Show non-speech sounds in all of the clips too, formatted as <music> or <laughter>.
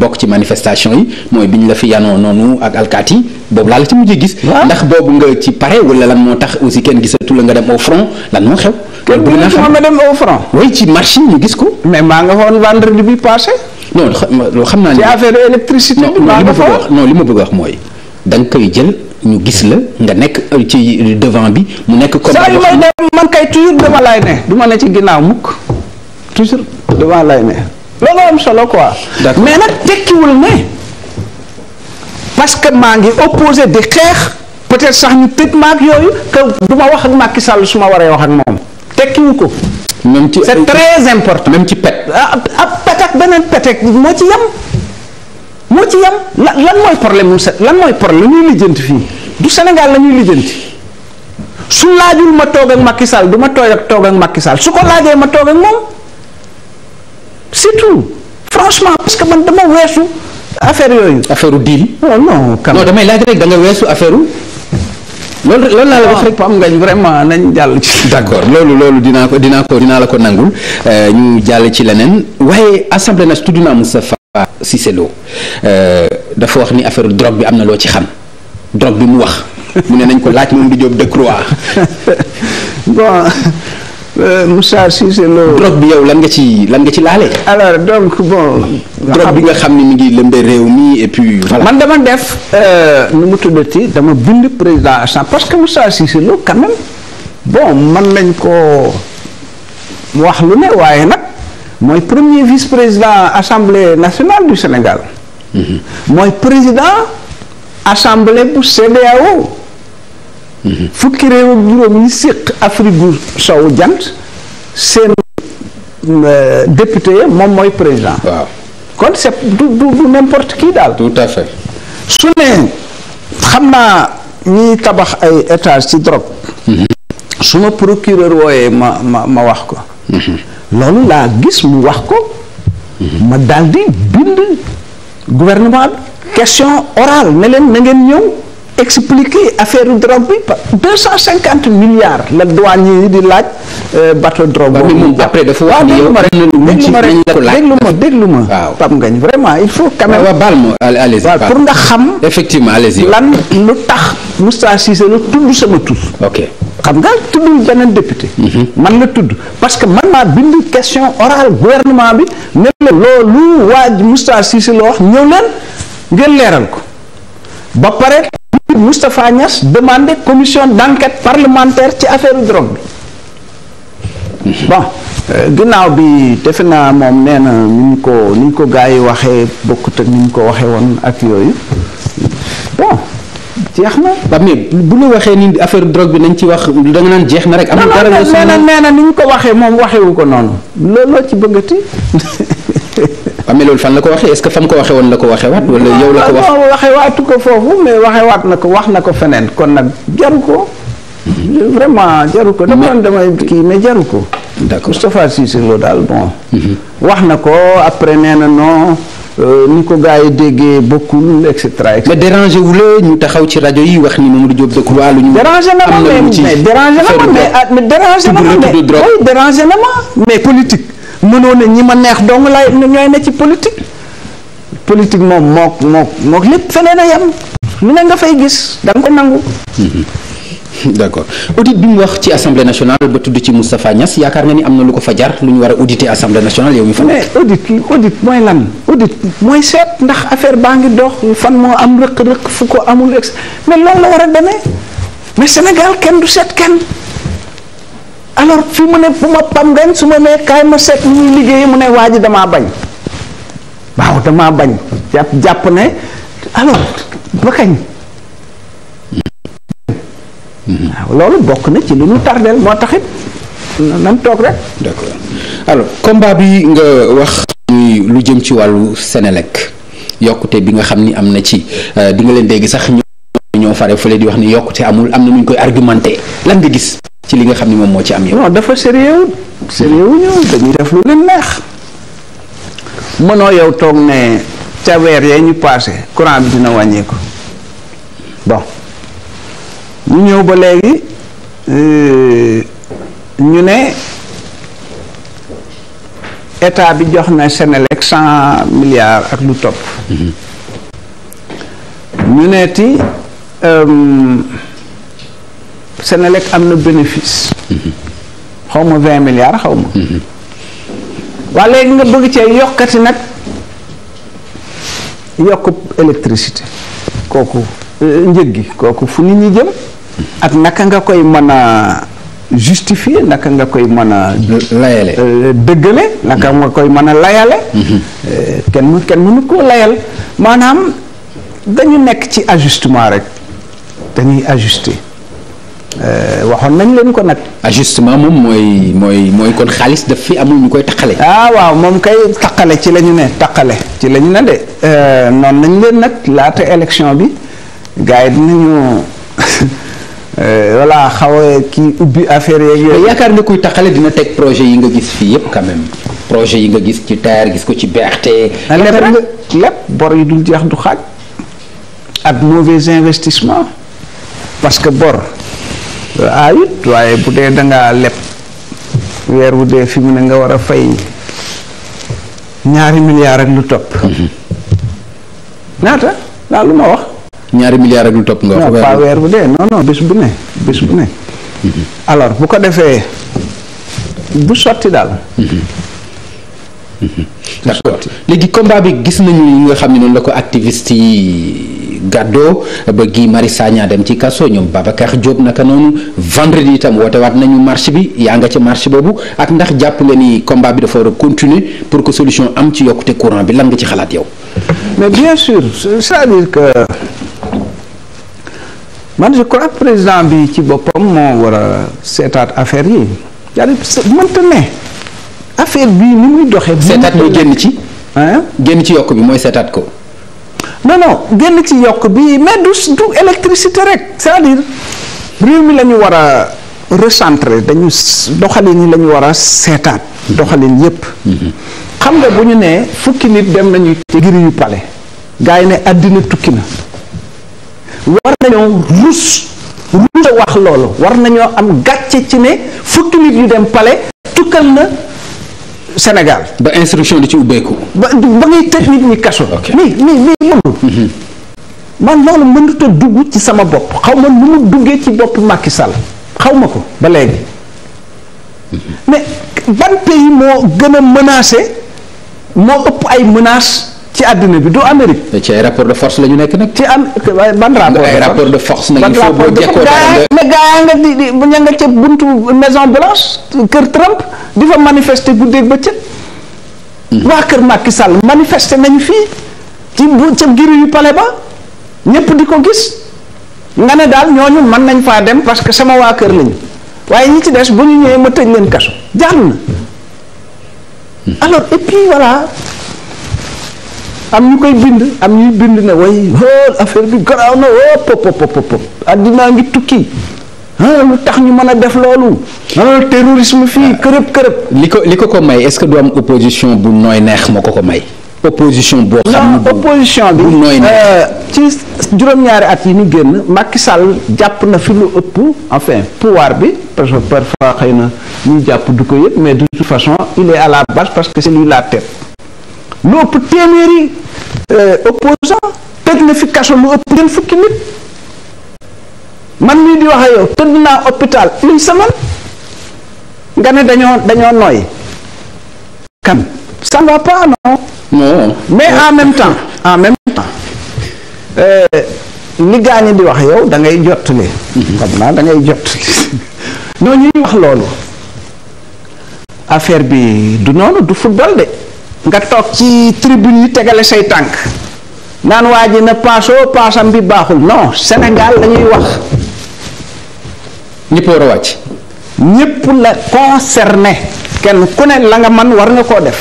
bokk ci manifestation yi mooy bi ñu la fi yanoo noonu ak alkaati yi boobu laa la ci mujjee gis. ndax boobu nga ci pare wala lan moo tax aussi kenn gisatu la nga dem au front lan moo xew. kenn ci marché ñu gis ko. mais maa nga foon vendredi bi passé. non xam naa ni ci affaire électricité bi. maa nga fa li ma bëgg wax mooy da koy jël. ñu gis la nga nekk euh, ci euh, devant bi mu nekk. comme saa yu man kay toujours devant laay ne. du ma ne ci ginnaaw mukk toujours devant lay ne. looloo am solo quoi. mais nag tekkiwul ne parce que maa ngi opposé di xeex peut-être sax ñu tëj maag yooyu que du ma wax ak Macky Sall su ma waree wax ak moom tekkiwu ko. même ci c'est très important. même ci pet. ah ab ah, beneen pet ak moo ci yem moo ci lan lan mooy problème mu set lan mooy problème ñuy lijjanti fii du Sénégal la ñuy lijjanti. su laajul ma toog ak Macky Sall ma tooy ak toog ak Macky su ko laajee ma toog ak moom. surtout franchement parce que man dama weesu affaire yooyu. affaire u diil. Oh non non non damay laaj rek da weesu affaire u loolu loolu laa la wax rek Pape Ngagne vraiment nañ jàll ci. <laughs> d' accord loolu loolu dinaa ko dinaa ko dinaa la ko nangul euh, ñu jàll ci leneen waaye assemblée nationale tudd naa Moustapha Cissé Lo euh, dafa wax ni affaire drogue bi am na loo ci xam drogue bi mu wax mu ne nañ ko laaj moom di Diop Decroix. <laughs> bon. Euh, Moussa si Lo. drogue bi yow lan nga ci lan nga ci laale. alors donc bon. drogue bi nga xam ni mi ngi lëmbe réew mi et puis. man dama def. Euh, nu mu tuddati dama bind président Assane parce que Moussa Cissé Lo quand même bon man nañ koo wax lu ne waaye nag mooy premier vice président assemblée nationale du Sénégal. Mhm. mooy président assemblée bu CEDEAO. fukki réew ak yi séq Afrique gu sow jant seen euh, député moom mooy président. waaw kon c'est du du du n'importe qui daal. su ne xam naa ñiy tabax ay étage ci drogue. su ma procureur wooyee ma ma ma wax ko. loolu laa gis mu wax ko. ma daldi bind gouvernement question orale ne leen na ngeen ñëw. expliquer affaire drogue bi par deux cent cinquante milliards la douane yi di laaj euh, bateau drogue boobu moom après dafa wax ni yow déglu ma rek déglu ma déglu ma Pape Ngagne vraiment il faut quand même baal ma allez-y pour nga xam effectivement allez-y lan lu tax Moustapha Cissé la tudd sama tur xam nga tuddul beneen député mhm. man la tudd parce que man maa bind question orale gouvernement bi ne la loolu waa Moustapha Cissé la wax ñëw leen ngeen leeral ko ba pare Moustapha Niass demandé commission d'enquête parlementaire ci affaire drogue bi bon euh, ginnaaw bi defe naa moom nee na ni ñu ko ni ko gars yi waxee bokkut ak ni ñu ko waxee woon ak yooyu bon jeex na. waaw mais bu ñu waxee nii ni affaire drogue bi nañ ci wax da naan jeex na rek. amul dara nee na nee na ni ko waxee moom waxewu ko noonu looloo ci bëggati. <laughs> xam ne loolu fan la ko waxee est-ce que fa mu ko waxee woon la ko waxee waat wala yow la ko wax ah, waxee waatu ko foofu mais waxee waat na ko wax na ko feneen kon nag jaru ko vraiment jaru ko dafa doon damay kii mais jaru ko d'accord Moustapha Cissé Lo daal bon mhm. wax na ko après nee na non euh, ni ko gars yi déggee bokkul et cetera et cetera. mais dérangé wu la ñu taxaw ci rajo yi wax ni Mamadou Diop Decroix lu ñu. dérangé na ma mais ah, dérangé na ma mais dérangé na ma mais politique. mënoo ne ñi ma neex dong lay ñooy ne ci politique politique moom mook mook mook lépp feneen a yem lu ne nga fay gis da nga ko nangu. <laughs> d'accord audit bi mu wax ci assemblée nationale ba tudd ci Moustapha Niass yaakaar nga ni am na lu ko fa jar lu ñu war a auditer assemblée nationale yow mi fa mais audit audit mooy lan audit mooy seet ndax affaire baa ngi dox fan moo am rëq-rëq fu ko amul ex mais loolu la war a demee mais Sénégal kenn du seet kenn. alors fi mu ne fu ma pam ren su ma nee kaay ma seet ñuy liggéey mu ne waa ji damaa bañ waaw damaa bañ jàpp jàpp ne alors ba kañ loolu bokk na ci lu ñu tardeel moo taxit nan toog rek d'accord alors combat bi nga wax muy lu jëm ci wàllu Sénélec yokkute bi nga xam ni am na ci euh, di nga leen dégg sax ñoo fare fële di wax ni yokkute amul am na nuñ koy argumenté lan nga gis ci li nga xam ne moom moo ci am yow. non dafa sérieux sérieux ñëw dañuy def lu leen neex mënoo yow toog ne ca weer yee ñu passé courant bi dina wàññeeku bon ñu ñëw ba léegi euh, ñu ne état bi jox na Senelec cent milliards ak lu topp. Mm-hmm. ñu ne ti. Euh, Senelec am na bénéfice. xaw ma vingt milliards xaw ma. waa léegi nga bëgg cee yokkati nag yokk électricité kooku euh, njëg gi kooku fu nit ñi jëm. ak naka nga koy mën a justifier naka nga koy mën a. layale euh, dëggale. naka nga koy mën a layale. Euh, kenn mu kenn mënu koo layal maanaam dañu nekk ci ajustement rek dañuy ajuster. Euh, waxoon nañ leen ko nag. ajustement ah, moom mooy mooy mooy kon xaalis daf fi amul ñu koy taqale. ah waaw moom kay taqale ci lañu ne taqale ci lañu ñu ne de euh, noonu nañ leen nag laata élection bi gars yi dinañu <laughs> euh, voilà xaw ki kii ubbi affaire yeeg yooyu. yaakaar nga kuy taqale dina teg projet yi nga gis fii yëpp quand projet yi nga gis ci TER gis ko ci BRT. yaakaar ah, nga lépp bor yi dul jeex du xaaj ak mauvais investissement parce que bor. aayut waaye bu dee danga leb weer wu dee fi mu ne nga war a fay ñaari milliards ak lu topp mhm. ñaata laa lu ma wax ñaari milliards ak lu topp nga wax weer bu dee non bis bu ne bis bu ne mhm. alors bu ko defee bu sotti daal mhm. d'accord léegi combat bi gis nañu nga xam ne noonu la ko activiste yi gàddoo ba Guy Marius Sagna dem ci kaso ñoom Babacar Diop naka noonu vendredi itam woote waat nañu marche bi yaa nga ca marche boobu ak ndax jàpp nga ni combat bi dafa war a continuer pour que solution am ci yokkute courant bi lan nga ci xalaat yow. mais bien sûr cest à président bi ci boppam moo war seetaat affaire yi. yàlla mënta ne affaire bi ni muy doxee. seetaat mooy génn ci. génn ci yokk bi mooy seetaat ko. non non génn ci yokk bi mais du du électricité rek sa à dire mi la ñu war a recentrer dañu doxalin yi la ñu war a seetaat doxalin yépp xam nga bu ñu nee fukki nit dem nañu ci giri pale gars ne àddina tukki na war nañoo rus rus wax loolu war nañoo am gàcce ci ne fukki nit yu dem pale tukkal na Sénégal. ba instruction di ci ubbeeku. ba ba ngay tëj nit ñi kaso. mais mais mais loolu. Mhm. man loolu mënut a dugg ci sama bopp xaw ma nu mu duggee ci bopp Macky Sall xaw ma ko ba léegi mhm. mais ban pays moo gën a menacé moo ëpp ay menaces. ci àddina bi du Amérique. ci ay de force la ñu nekk nag. ci am ban rapport ay rapport de force nag il faut boo jekkoo dara mais gaa nga di di ña nga ca buntu Maison Blanche kër Trump di fa manifester guddeeg bëccëg. Hmm. waa kër Macky Sall manifester nañu fii ci bu ca giru yu pale ba ñëpp di ko gis nga ne daal ñooñu mën nañ faa dem parce que sama waa kër lañu waaye ñi ci des bu ñu ñëwee ma tëj leen kaso jàll na hmm. alors et puis voilà. am ñu koy bind am ñuy bind na way hoo oh, affaire bi garaaw na hoo oh, pop pop pop addinaa ngi tukki ah, lu tax ñu mën a def loolu ah, terrorisme fii kërëb ah. kërëb li ko li ko ko may est-ce que du am opposition bu nooy neex moo ko ko may opposition boo xam ne opposition bi euh, ci juróom-ñaari at yi ñu génn Macky Sall jàpp na fi lu ëpp enfin pouvoir bi parce que xëy na ñuy jàpp du ko yëpp mais de toute façon il est à la base parce que c'est lui laa tête lu ëpp téeméeri euh, opposant tëj na fi kaso lu ëpp ngeen fukki nit man mii di wax ak yow tëdd naa hôpital une semaine nga ne dañoo dañoo nooy kan ça ne va mais en même temps en même temps euh, li gaa ñi di wax yow da ngay jottali. Mhm. xam naa da ngay jottali noo ñuy wax loolu affaire bi du noonu du football de. nga toog ci tribune yi tegale say tànk naan waa ji na paasoo paasam bi baaxul non Sénégal lañuy wax ñëpp war a wàcc ñëpp la concerné kenn ku ne la nga man war nga koo def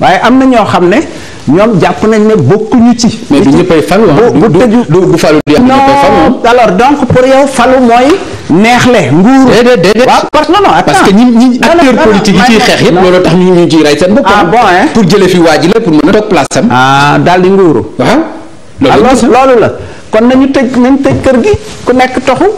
waaye am na ñoo xam ne ñoom jàpp nañ ne bokkuñu ci mais du ñëppay falu ah. bu tëju du falu ah. non alors donc pour yow falu mooy neexle nguur. déedéet déedéet waaw parce que non parce que ñi ñi acteurs politiques yi ciy xeex yëpp loolu tax ñu ñu ciy rey seen bopp. Ah, ah. pour jëlee fi waa ji la pour mën a toog place am. ah daal di nguuru. waaw ah, loolu la kon nañu tëj nañu tëj kër gi ku nekk toxu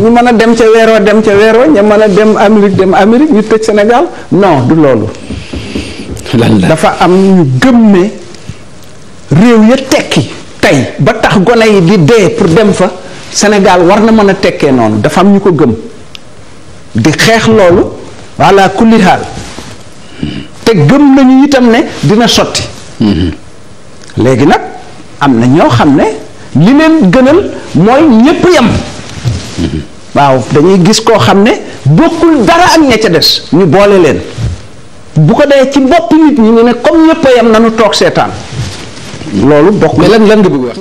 ñu mën a dem ca weeroo dem ca weeroo ñu mën a dem Amérique dem Amérique ñu tëj senegal non du loolu. dafa am ñu gëm ne réew ya tekki tey ba tax gone yi di dee pour dem fa. Sénégal war na mën a tekkee noonu dafa am ñu ko gëm di xeex loolu walla kulli xaal te gëm nañu itam ne dina sotti mhm. léegi nag am na ñoo xam ne li leen gënal mooy ñépp yam mhm. waaw dañuy gis koo xam ne bokkul dara ak ña ca des ñu boole leen bu ko dee ci bopp nit ñi ñu ne comme ñépp yam nanu toog seetaan loolu bokk lan lan nga bëgg wax